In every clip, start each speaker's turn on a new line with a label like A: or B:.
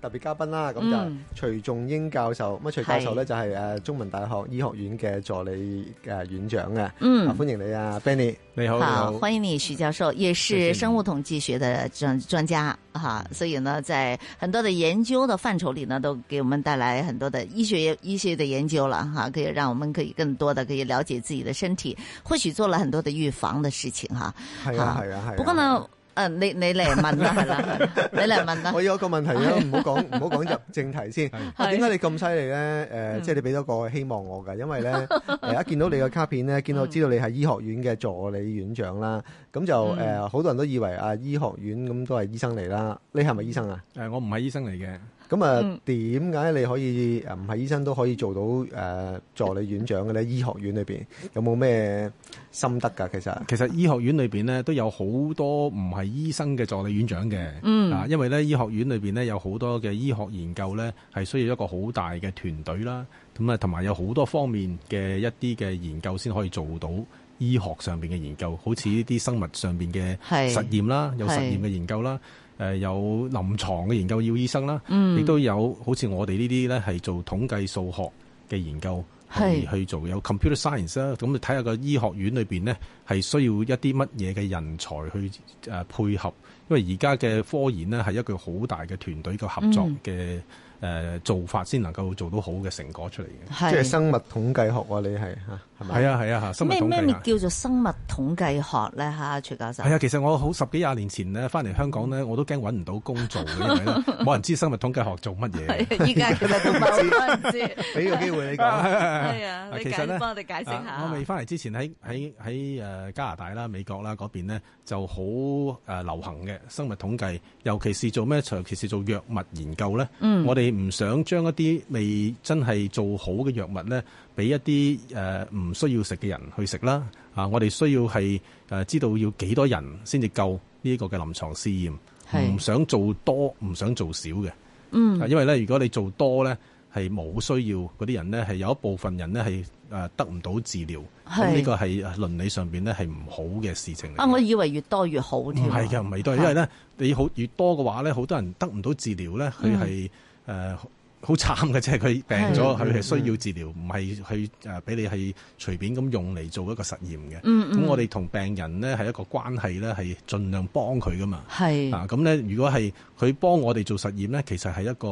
A: 特別嘉賓啦，咁就徐仲鍈教授。咁、嗯、徐教授呢，就係中文大學醫學院嘅助理院長嘅。嗯，歡迎你啊，Benny，你好。好，好歡
B: 迎你徐教授，也是生物統計學的專專家，哈謝。所以呢，在很多的研究的範疇裏呢，都給我們帶來很多的醫學醫學的研究了哈、啊。可以讓我們可以更多的可以了解自己的身體，或許做了很多的預防的事情，哈。係啊，係啊，係、啊。啊、不過呢？誒、啊，你你嚟問啦，係啦，你嚟問啦。 問 我有一個問題啊，唔
A: 好講，唔好講入正題先。點解、 啊、你咁犀利咧？誒、呃，嗯、即係你俾多個希望我㗎，因為咧，一、呃、見到你嘅卡片咧，見到知道你係醫學院嘅助理院長啦。咁就誒，好、呃嗯、多人都以為啊，醫學院咁都係醫生嚟啦。你係咪醫生啊？
C: 誒、呃，我唔係醫生嚟嘅。
A: 咁啊，點解你可以唔係醫生都可以做到誒助理院
C: 長嘅咧？醫學院裏面有冇咩心得噶？其實，其實醫學院裏面咧都有好多唔係醫生嘅助理院長嘅，啊、嗯，因為咧醫學院裏面咧有好多嘅醫學研究咧係需要一個好大嘅團隊啦，咁啊同埋有好多方面嘅一啲嘅研究先可以做到醫學上面嘅研究，好似呢啲生物上面嘅實驗啦，有實驗嘅研究啦。誒有臨床嘅研究要醫生啦，亦都、嗯、有好似我哋呢啲呢係做統計數學嘅研究嚟是去做，有 computer science 啦。咁你睇下個醫學院裏面呢，係需要一啲乜嘢嘅人才去誒配合，因為而家嘅科研呢，係一個好大嘅團隊嘅合作嘅。嗯誒，做法先能夠做到好嘅成果出嚟嘅，即係生物統計學啊！你係嚇，係咪啊？係啊！嚇，咩咩
B: 叫做生物統計學咧？吓，徐教授。係啊，其
C: 實我好十幾廿年前呢翻嚟香港咧，我都驚揾唔到工做，冇人知生物統計學做乜嘢。依家幾多都唔知，俾個機會你講。係啊，其實咧，幫我哋解釋下。我未翻嚟之前，喺喺喺誒加拿大啦、美國啦嗰邊咧，就好誒流行嘅生物統計，尤其是做咩？尤其是做藥物研究咧。我哋。你唔想將一啲未真係做好嘅藥物呢，俾一啲誒唔需要食嘅人去食啦。啊，我哋需要係誒知道要幾多人先至夠呢個嘅臨床試驗，唔是想做多，唔想做少嘅。嗯，因為呢，如果你做多呢，係冇需要嗰啲人呢，係有一部分人呢，係誒得唔到治療。呢是個係倫理上邊呢，係唔好嘅事情
B: 嚟。啊，我以為越多越好添。係嘅，
C: 唔係多，是因為呢，你好越多嘅話呢，好多人得唔到治療呢，佢係。誒好、呃、慘嘅，即係佢病咗佢係需要治療，唔係的去誒俾、啊、你係隨便咁用嚟做一個實驗嘅。咁、嗯嗯、我哋同病人呢係一個關係呢，係盡量幫佢噶嘛。係咁呢，如果係佢幫我哋做實驗呢，其實係一個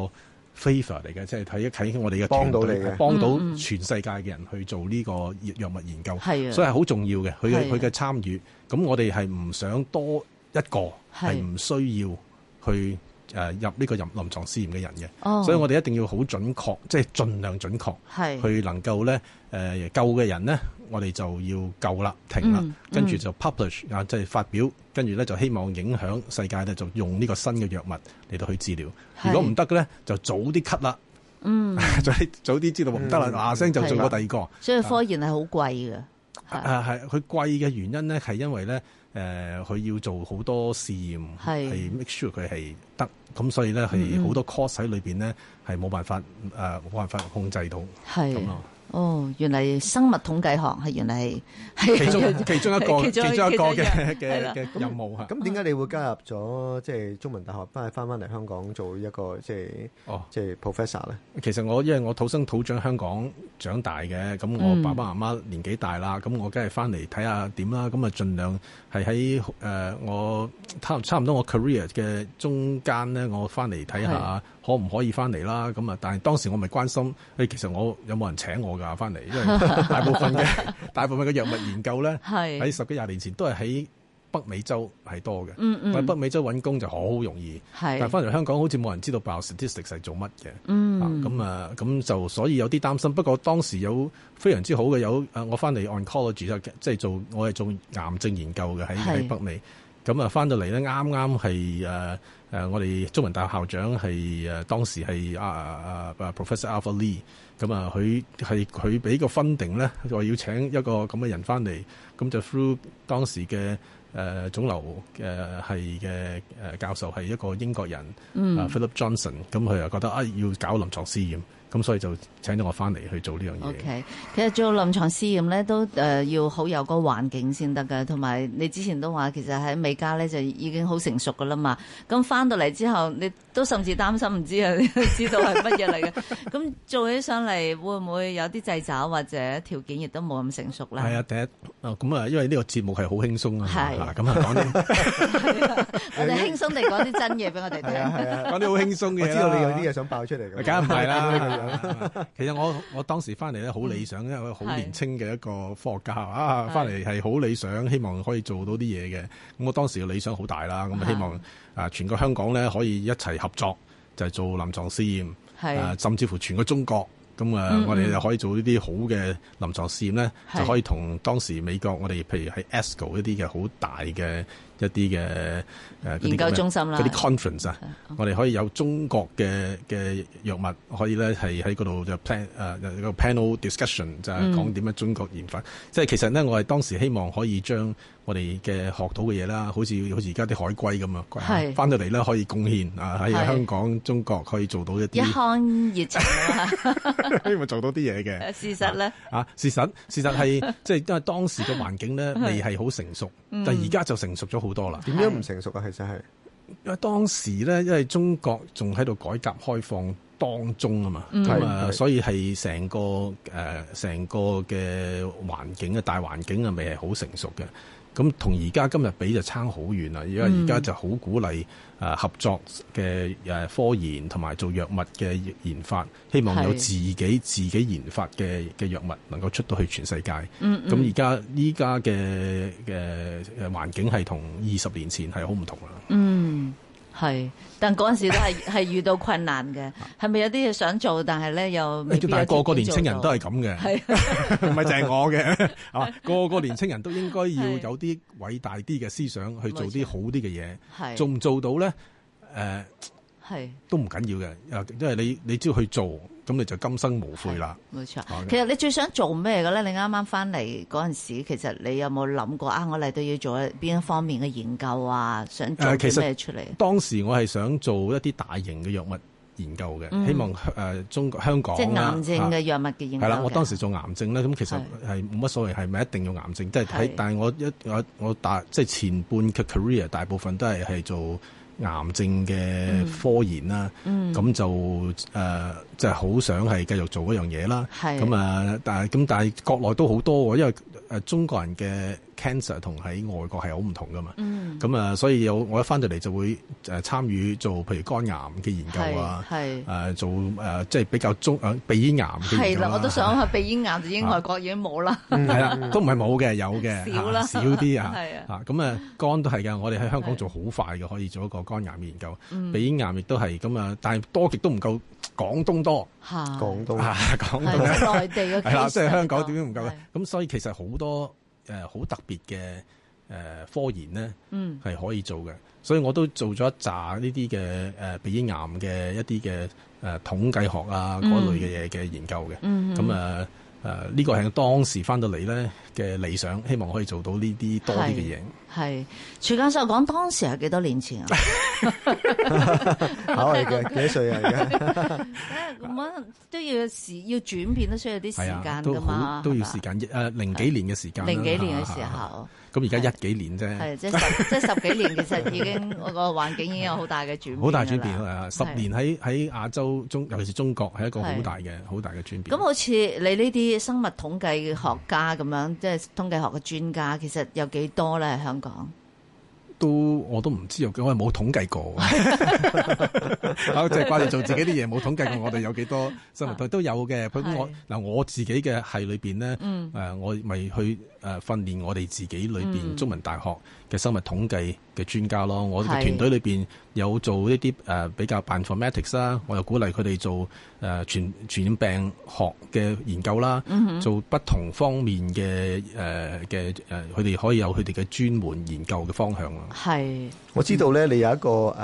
C: favor 嚟嘅，即係一睇我哋嘅團隊，幫到，幫到全世界嘅人去做呢個藥物研究，嗯嗯，所以係好重要嘅。佢嘅佢嘅參與，咁我哋係唔想多一個係唔需要去。誒入呢個臨床試驗嘅人嘅，oh. 所以我哋一定要好準確，即係盡量準確，係是去能夠咧誒、呃、救嘅人呢，我哋就要救啦，停啦，嗯、跟住就 publish 啊、嗯，即係發表，跟住咧就希望影響世界咧，就用呢個新嘅藥物嚟到去治療。是如果唔得嘅咧，就早啲 cut 啦，
B: 嗯，
C: 早啲知道唔得啦，嗱聲、嗯、就做過第二個。所以科
B: 研係好貴嘅，啊
C: 係，佢貴嘅原因呢，係因為咧。誒，佢、呃、要做好多試驗，係是 make sure 佢係得，咁所以咧係好多 cost 喺裏邊咧係冇辦法，誒、呃、冇辦法控制到，咁啊是。
B: 哦，原嚟生物統計學係原嚟係其中其中一個其中一個嘅嘅嘅
A: 任務啊！咁點解你會加入咗即係中文大學，翻翻翻嚟香港做一個即係
C: 哦，即係 professor 咧？其實，我因為我土生土長香港長大嘅，咁我爸爸媽媽年紀大啦，咁我梗係翻嚟睇下點啦，咁啊盡量係喺誒我差差唔多我 career 嘅中間咧，我翻嚟睇下。可唔可以翻嚟啦？咁啊，但係當時我咪關心，其實我有冇人請我㗎翻嚟？因為大部分嘅 大部分嘅藥物研究咧，喺是十幾廿年前都係喺北美洲係多嘅。喺、嗯嗯、北美洲揾工就好容易，
B: 是但返翻嚟香
C: 港好似冇人知道 Bio statistics 係做乜嘅。嗯，咁啊，咁就所以有啲擔心。不過當時有非常之好嘅，有我翻嚟 Oncology 即係做，我係做癌症研究嘅喺喺北美。咁啊，翻到嚟咧，啱啱係誒誒，我哋中文大學校長係誒，當時係阿阿阿 Professor Alpha Lee，咁啊，佢係佢俾個 funding 咧，就話要請一個咁嘅人翻嚟，咁就 through 當時嘅誒腫瘤誒係嘅誒教授係一個英國人，嗯，Philip Johnson，咁佢又覺得啊，要搞臨床試驗。咁所以就請咗我翻嚟去做呢樣
B: 嘢。OK，其實做臨床試驗咧都誒、呃、要好有個環境先得㗎。同埋你之前都話其實喺美加咧就已經好成熟㗎啦嘛。咁翻到嚟之後，你都甚至擔心唔知啊，知道係乜嘢嚟嘅。咁 做起上嚟 會唔會有啲掣肘或者條件亦都冇咁成熟咧？係啊，
C: 第一咁啊、哦，因為呢個節目係好輕鬆是啊，嗱咁 啊講啲，
B: 我哋輕鬆地講啲真嘢俾我哋聽。係啊，講啲好
C: 輕鬆嘅、啊。知道你有啲嘢想爆出嚟嘅，梗係唔係啦？ 其實我我當時翻嚟咧好理想，嗯、因為我好年輕嘅一個科學家是啊，翻嚟係好理想，希望可以做到啲嘢嘅。咁我當時嘅理想好大啦，咁希望、啊呃、全個香港咧可以一齊合作就係，做臨床試驗，是呃、甚至乎全個中國咁啊，我哋就可以做呢啲好嘅臨床試驗咧，嗯嗯就可以同當時美國我哋譬如喺 ASCO 一啲嘅好大嘅。一啲嘅研究中心啦，嗰啲 conference 啊，我哋可以有中國嘅嘅藥物，可以咧係喺度就 plan 誒個 panel discussion 就係講點樣中國研發，即係其實咧，我係當時希望可以將我哋嘅學到嘅嘢啦，好似好似而家啲海歸咁啊，翻到嚟咧可以貢獻啊喺香港中國可以做到一啲一
B: 腔熱情，
C: 希望做到啲嘢嘅。事實咧啊，事實事實係即係因為當時嘅環境咧未係好成熟，但係而家就成熟咗。好多啦，點樣唔成熟啊？其實係，因為當時咧，因為中國仲喺度改革開放當中啊嘛，咁啊，所以係成個誒，成個嘅環境啊，大環境啊，未係好成熟嘅。咁同而家今日比就差好遠啦！而家而家就好鼓勵、呃、合作嘅、呃、科研同埋做藥物嘅研發，希望有自己是自己研發嘅嘅藥物能夠出到去全世界。咁而家依家嘅嘅環境係同二十年前係好唔同啦。
B: 嗯係，但嗰陣時都係係 遇到困難嘅，係咪有啲嘢想做，但係咧又有？但係個個年青人都係咁嘅，係
C: 唔係淨係我嘅？啊， 個個年青人都應該要有啲偉大啲嘅思想，去做啲好啲嘅嘢，做唔錯做到咧？誒、呃。係是都唔緊要嘅，因為你你只要去做，咁你就今生無悔啦。冇錯，的其實
B: 你最想做咩嘅咧？你啱啱翻嚟嗰陣時，其實你有冇諗過啊？我嚟到要做邊一方面嘅研究啊？想做啲咩出嚟？
C: 當時我係想做一啲大型嘅藥物研究嘅，嗯、希望誒、呃、中香港即係癌症嘅
B: 藥物嘅研究。係啦，我當時
C: 做癌症咧，咁其實係冇乜所謂，係咪一定要癌症？的即係睇但係我一我我大即係前半嘅 career 大部分都係係做。癌症嘅科研啦，咁、嗯嗯、就誒，即係好想係繼續做嗰樣嘢啦。咁啊的，但係咁但係國內都好多，因為誒，中國人嘅。cancer 同喺外國係好唔同噶嘛，咁啊，所以有我一翻到嚟就會誒參與做，譬如肝癌嘅研究啊，誒做誒即係比較中誒鼻咽癌嘅研究。係啦，我都想
B: 去鼻咽癌就已經外國已經冇啦。係啦，都唔
C: 係冇嘅，有嘅少啦，少啲啊。嚇咁啊，肝都係嘅，我哋喺香港做好快嘅，可以做一個肝癌研究。鼻咽癌亦都係咁啊，但係多極都唔夠廣東多。
B: 嚇廣東嚇廣東內地嘅係啦，即係香港點都唔夠啦。
C: 咁所以其實好多。誒好、呃、特別嘅誒、呃、科研咧，係可以做嘅，嗯、所以我都做咗一紮呢啲嘅誒鼻咽癌嘅一啲嘅誒統計學啊嗰類嘅嘢嘅研究嘅。咁啊、嗯，誒呢個係當時翻到嚟咧嘅理想，希望可以做到呢啲多啲嘅嘢。
B: 係，徐教授講當時係幾多年前啊？好，幾多歲啊？而家咁啊都要時要轉變都需要啲時間㗎嘛。都要時
C: 間，誒零幾年嘅時間。零幾年嘅時候，咁而家一幾年啫。即
B: 十即十幾年，其實已經個環境已經有好大嘅轉變。好大轉變。十
C: 年，喺喺亞洲中，尤其是中國，係一個好大嘅好大嘅轉變。咁
B: 好似你呢啲生物統計學家咁樣，即係統計學嘅專家，其實有幾多咧？香港。
C: 都我都唔知，我係冇統計過。好，淨係掛住做自己啲嘢，冇統計過 我哋有幾多生，生活都都有嘅。我嗱我自己嘅係裏邊咧，誒的、呃，我咪去誒訓練我哋自己裏邊中文大學。嗯呃嘅生物統計嘅專家咯，我哋嘅團隊裏邊有做一啲誒比較 informatics 啦，我又鼓勵佢哋做誒傳傳染病學嘅研究啦，嗯做不同方面嘅誒嘅誒，佢哋可以有佢哋嘅專門研究嘅方向啦。
B: 係是，我知道
C: 咧，你有一個誒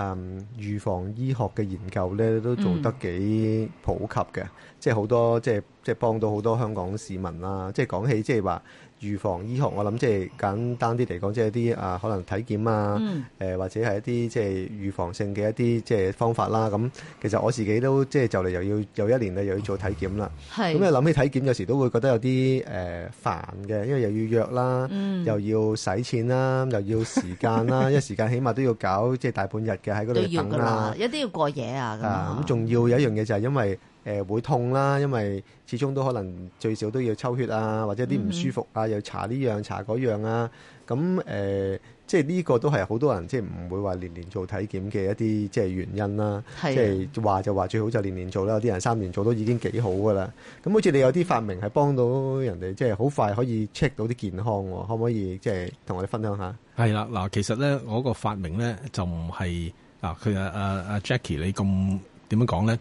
C: 預防醫學嘅研究咧，都做
B: 得
A: 幾普及嘅，即係好多即係即係幫到好多香港市民啦。即係講起即係話預防醫學，我諗即係簡單啲嚟講，即係啲啊可能體檢啊，嗯呃、或者係一啲即係預防性嘅一啲即係方法啦。咁、啊、其實我自己都即係就嚟又要又一年啦，又要做體檢啦。
B: 咁你諗起體
A: 檢，有時都會覺得有啲誒、呃、煩嘅，因為又要約啦，嗯、又要使錢啦，又要時間啦，一 時間起碼都要搞即係大半日嘅喺嗰度等啦、啊，
B: 一啲要過夜啊。咁
A: 仲、啊嗯、要有一樣嘢就係因為，誒、呃、會痛啦，因為始終都可能最少都要抽血啊，或者啲唔舒服啊，嗯、又查呢樣查嗰樣啊。咁誒、呃，即係呢個都係好多人即係唔會話年年做體檢嘅一啲即係原因啦、啊。是的即係話就話最好就年年做啦，有啲人三年做都已經幾好噶啦。咁好似你有啲發明係幫到人哋，的即係好快可以 check 到啲健康、啊，可唔可以即係同我哋分享下？
C: 係啦，嗱，其實咧，我個發明咧就唔係嗱，佢啊，啊 Jacky 你咁點樣講咧？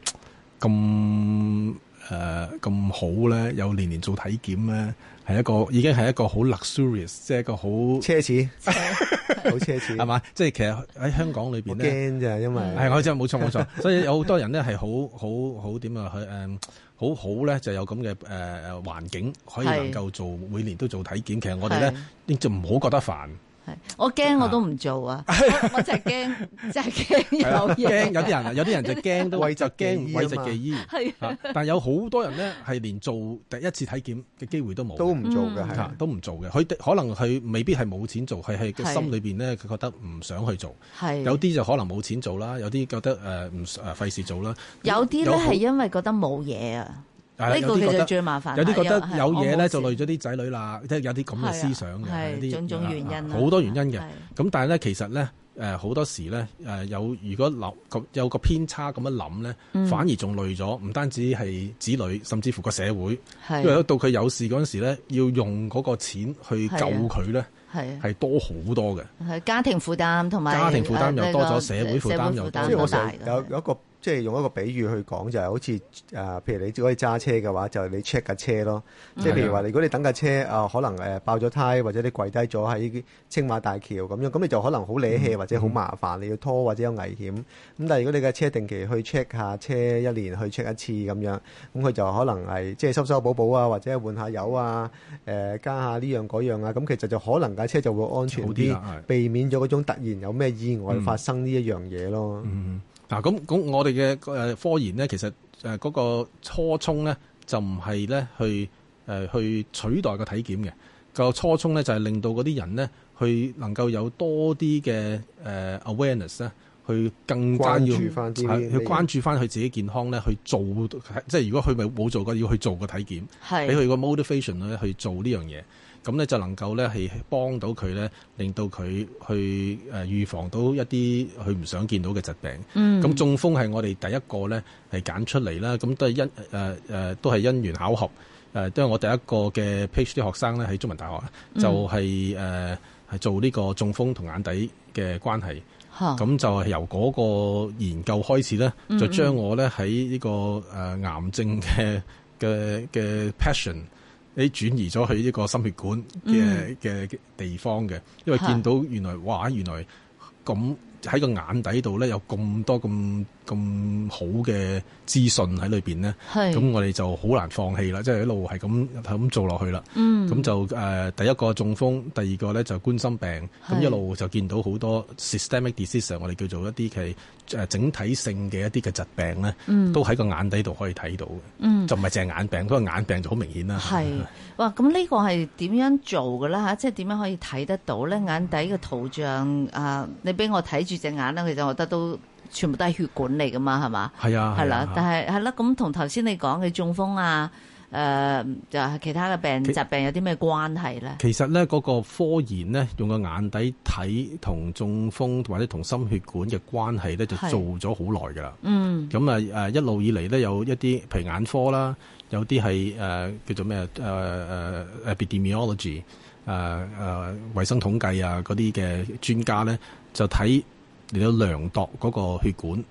C: 咁誒咁好咧，有年年做體檢咧，係一個已經係一個好 luxurious，即係一個好奢侈，好 奢侈係嘛？即係、就是、其實喺香港裏面咧驚咋，因為係我真係冇錯冇錯，所以有好多人咧係好好好點啊？誒好好咧，就有咁嘅誒環境可以能夠做每年都做體檢，的其實我哋咧的就唔好覺得煩。
B: 我驚我都唔做啊我！我就係驚，
C: 就係驚有驚、啊、有啲人，有啲人就驚、啊、都畏就驚，就忌醫。係，啊、但有好多人咧，係連做第一次體檢嘅機會都冇，都唔做嘅吓，嗯、都唔做嘅。佢可能佢未必係冇錢做，係佢個心裏邊咧，佢覺得唔想去做。係是，有啲就可能冇錢做啦，有啲覺得誒唔誒費事做啦。
B: 有啲咧係因為覺得冇嘢啊。有啲覺得有嘢咧就累
C: 咗啲仔女啦，即係有啲咁嘅思想嘅，啲種種原因，好多原因嘅。咁但係咧，其實咧，誒好多時咧，誒有如果有個偏差咁樣諗咧，反而仲累咗。唔單止係子女，甚至乎個社會，因為到佢有事嗰陣時咧，要用嗰個錢去救佢咧，係多好多嘅。
B: 家庭負擔同埋家庭負擔又多咗，社會負擔又有
C: 有一即係用一個比喻去
A: 講，就係、是、好似誒、呃，譬如你只可以揸車嘅話，就係、是、你 check 架車咯。嗯、即係譬如話，如果你等架車啊、呃，可能、呃、爆咗胎，或者你跪低咗喺青馬大橋咁樣，咁你就可能好瀨氣，或者好麻煩，嗯、你要拖或者有危險。咁但係如果你架車定期去 check 下車，一年去 check 一次咁樣，咁佢就可能係即係收收補補啊，或者換下油啊，呃、加下呢樣嗰樣啊。咁其實就可能架車就會安全啲，一點啊、避免咗嗰種突然有咩意外發生呢一、嗯、樣嘢咯。嗯。
C: 嗱，咁咁我哋嘅誒科研咧，其實誒嗰個初衷咧，就唔係咧去誒去取代個體檢嘅，個初衷咧就係令到嗰啲人咧，去能夠有多啲嘅誒 awareness 咧。去更加要係去關注翻佢自己健康咧，去做即係如果佢咪冇做過，要去做個體檢，俾佢個 motivation 去做呢的樣嘢，咁咧就能夠咧係幫到佢咧，令到佢去誒預防到一啲佢唔想見到嘅疾病。咁、嗯、中風係我哋第一個咧係揀出嚟啦。咁都係因、呃、都係因緣巧合誒，都係我第一個嘅 PhD 啲學生咧喺中文大學就係誒係做呢個中風同眼底嘅關係。咁就係由嗰個研究開始咧，就將我咧喺呢個誒癌症嘅嘅嘅 passion，誒轉移咗去呢個心血管嘅嘅、嗯、地方嘅，因為見到原來，哇！原來咁。喺個眼底度咧有咁多咁咁好嘅資訊，喺裏邊咧，咁我哋就好難放棄啦，即、就、係、是、一路係咁係咁做落去啦。嗯，咁就誒、呃、第一個中風，第二個咧就冠心病，咁是一路就見到好多 systemic disease，我哋叫做一啲嘅誒整體性嘅一啲嘅疾病咧，嗯、都喺個眼底度可以睇到嘅，嗯、就唔係淨係眼病，嗰個眼病就好明顯啦。係
B: 哇，咁呢個係點樣做㗎啦？吓，即係點樣可以睇得到咧？眼底嘅圖像啊，你俾我睇。住隻眼咧，其實我覺得都全部都係血管嚟㗎嘛，係嘛？係啊，係啦、啊。但係係啦，咁同頭先你講嘅中風啊，誒、呃、就係其他嘅病疾病有啲咩關係咧？
C: 其實咧，嗰、那個科研咧，用個眼底睇同中風或者同心血管嘅關係咧，就做咗好耐㗎啦。嗯。咁啊誒一路以嚟咧，有一啲譬如眼科啦，有啲係誒叫做咩誒誒誒 epidemiology 誒誒衞生統計啊嗰啲嘅專家咧，就睇。嚟到量度嗰個血管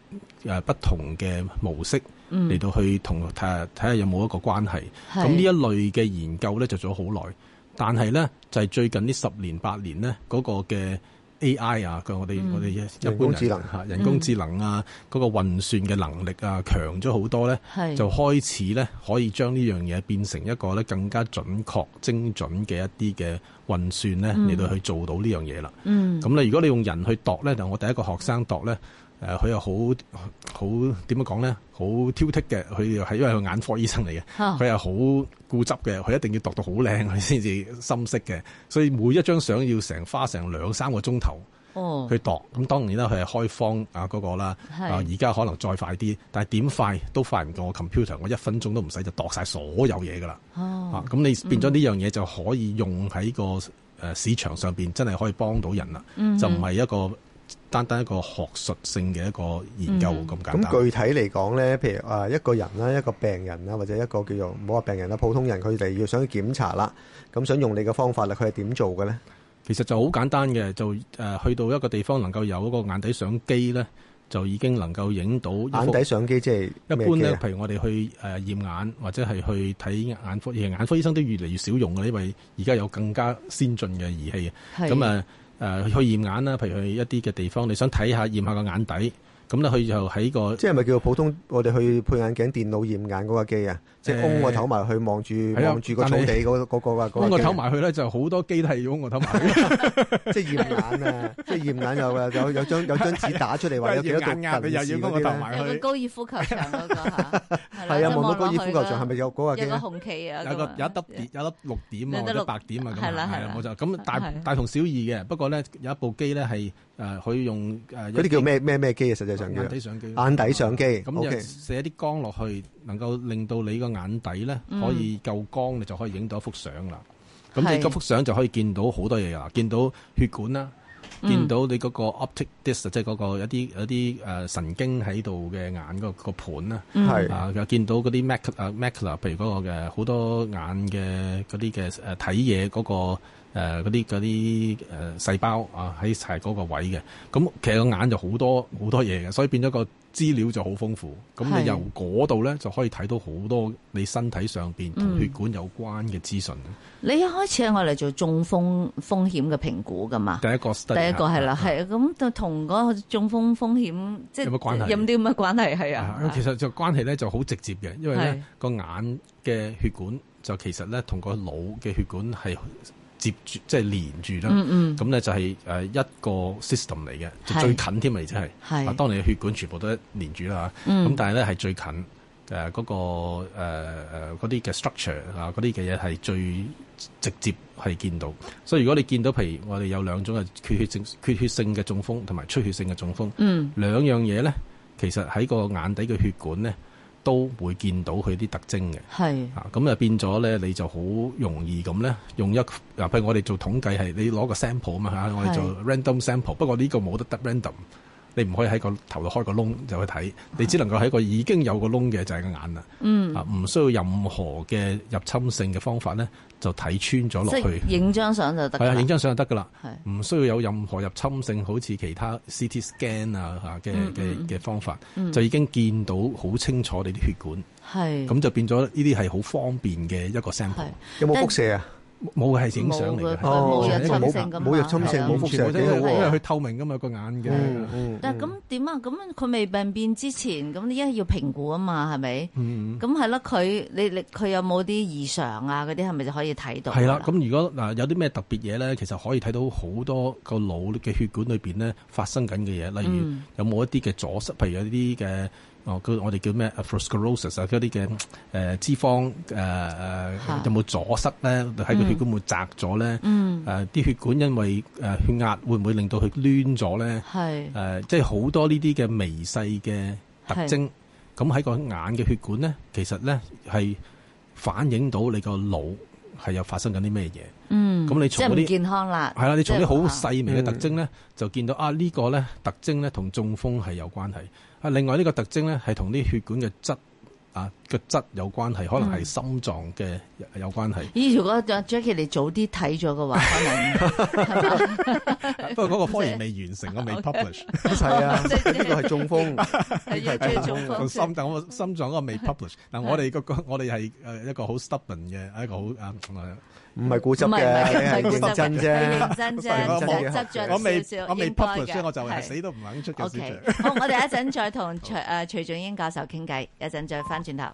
C: 誒不同嘅模式，嚟到、嗯、去同睇下睇下有冇一個關係。咁呢是一類嘅研究咧就做咗好耐，但係咧就係最近呢十年八年咧嗰個嘅。A.I. 啊，佢我哋我哋一般智能嚇人工智能啊，嗰個運算嘅能力啊強咗好多咧，是就開始咧可以將呢樣嘢變成一個咧更加準確精準嘅一啲嘅運算咧嚟到去做到呢樣嘢啦。嗯，咁你如果你用人去度咧，就我第一個學生度咧。誒佢又好好點樣講咧？好、呃、挑剔嘅，佢又係因為佢眼科醫生嚟嘅，佢又好固執嘅，佢一定要度到好靚佢先至心息嘅，所以每一張相要成花成兩三個鐘頭，
A: 去
C: 度。咁當然啦，佢係開方啊嗰個啦。呃、而家可能再快啲，但係點快都快唔過我 computer，我一分鐘都唔使就度晒所有嘢㗎啦。
A: 咁、oh. 啊、你變咗呢
C: 樣嘢就可以用喺個誒市場上邊，真係可以幫到人啦。就唔係一個。單單一個學術性嘅一個研究咁簡單。嗯、咁具體嚟講咧，譬
A: 如啊，一個人啦，一個病人啦，或者一個叫做唔好話病人啦，普通人佢哋要想去檢查啦，咁想用你嘅方法啦，佢係點做嘅咧？
C: 其實就好簡單嘅，就誒、呃、去到一個地方能夠有嗰個眼底相機咧，就已經能夠影到。眼底
A: 相機即係一般
C: 咧，譬如我哋去誒驗、呃、眼或者係去睇眼科，而眼科醫生都越嚟越少用嘅，因為而家有更加先進嘅儀器。咁啊是。誒去驗眼啦，譬如去一啲嘅地方，你想睇下驗下個眼底。咁咧，佢就喺個即係咪叫做普通？我哋去
A: 配眼鏡、電腦驗眼嗰個機啊，即係翁啊，唞
C: 埋去望住望住個草地嗰嗰個㗎。翁啊，唞埋去咧，就好多機都係用我唞埋，即係驗眼啊，即係驗眼有嘅，有有張有張紙打出嚟話有幾多度近啲咧。有個高爾夫
B: 球場嗰個
C: 嚇，係啊，望到高爾夫球場係咪有嗰個？有個紅
B: 旗啊，有個有
C: 一粒點，有粒綠點啊，或者白點啊咁。係啦，係啦，我就咁大大同小異嘅。不過咧，有一部機咧係。可以、呃、用誒，嗰、呃、啲叫咩
A: 咩咩機啊？實際上眼底相機，眼底相機。咁又
C: 射一啲光落去，能夠令到你個眼底咧可以夠光，你就可以影到一幅相啦。咁、嗯、你、嗯、幅相就可以見到好多嘢噶啦，見到血管啦，見到你嗰個 optic disc，即係嗰、嗰個有一啲一啲神經喺度嘅眼個、個盤啦。係、嗯、啊，又是見到嗰啲 mac 啊 macula 譬如嗰個嘅好多眼嘅嗰啲嘅睇嘢嗰個。誒，嗰啲嗰啲誒細胞啊，喺係嗰個位嘅。咁其實個眼就好多好多嘢嘅，所以變咗個資料就好豐富。咁是你由嗰度咧，就可以睇到好多你身體上邊同血管有關嘅資訊。嗯、你
B: 一開始係我嚟做中風風險嘅評估噶嘛？第一個，第一個係啦，係啊咁就同嗰個中風風險即係有乜關係？的有啲咁嘅關係係啊。咁其實就關係
C: 咧就好直接嘅，因為咧個的眼嘅血管就其實咧同個腦嘅血管係。.接住即係連住啦，咁咧、嗯嗯、就係誒一個 system 嚟嘅，係就最近添嚟。即係係、啊。係當你嘅血管全部都連住啦嚇，咁、嗯、但係咧係最近誒嗰、呃嗰個誒嗰啲嘅 structure 啊，嗰啲嘅嘢係最直接係見到。所以如果你見到，譬如我哋有兩種嘅缺血性缺血性嘅中、中風，同埋出血性嘅中風，兩樣嘢咧，其實喺個眼底嘅血管咧，都會見到佢啲特徵嘅，咁係啊就變咗咧，你就好容易咁咧，用一嗱譬如我哋做統計係，你攞個 sample 啊嘛，吓我哋做 random sample，不過呢個冇得得 random。你唔可以喺個頭度開個窿，就去睇，你只能夠喺個已經有個窿嘅，就係個眼啦，啊、嗯，唔需要任何嘅入侵性嘅方法咧，就睇穿咗落去，
B: 影張相就得，係啊，影張相就得噶啦，
C: 唔需要有任何入侵性，好似其他 CT scan 啊吓嘅嘅嘅方法，嗯、就已經見到好清楚你啲血管，
B: 係咁
C: 是就變咗呢啲係好方便嘅一個 sample。有冇輻射啊？冇嘅係影相嚟嘅，冇入侵性噶，冇入侵性，冇輻射，幾好，因為佢透明噶嘛個眼嘅。但係咁
B: 點啊？咁佢未病變之前，咁你一係要評估啊嘛，係咪？咁係咯，佢你佢有冇啲異常啊？嗰啲係咪就可以睇到？係啦，
C: 咁如果嗱有啲咩特別嘢咧，其實可以睇到好多個腦嘅血管裏面咧發生緊嘅嘢，例如有冇一啲嘅阻塞，譬如有啲嘅。哦，我哋叫咩？啊 atherosclerosis 啲嘅、呃、脂肪誒誒、呃呃、是有冇阻塞咧？喺個血管會窄咗咧？嗯，啲、呃、血管因為血壓會唔會令到佢攣咗咧？係誒是、呃，即係好多呢啲嘅微細嘅特徵。咁喺個眼嘅血管咧，其實咧係反映到你個腦係有發生緊啲咩嘢。嗯，
B: 咁你即係唔健康啦。係啦、啊，你從啲好細微嘅特徵
C: 咧，就見到啊、呢個、呢個咧特徵咧同中風係有關係。啊！另外呢個特徵咧，係同啲血管嘅質啊嘅質有關係，可能係心臟嘅有關係。
B: 咦？如果 Jackie 你早啲睇咗嘅話，不過嗰個科研
C: 未完成，我未 publish。係啊，呢個係中風，係中風。心臟，心臟嗰個未 publish。嗱，我哋個個我哋係誒一個好 stubborn 嘅一個好啊。唔
A: 係固執嘅。唔係固執真啫，認真啫，就執著少應該嘅。我未，我未 publish，所以我
B: 就死都
C: 唔肯出個結局。
B: 我哋一陣再同徐誒好、啊、徐仲锳教授傾偈，一陣再翻轉頭。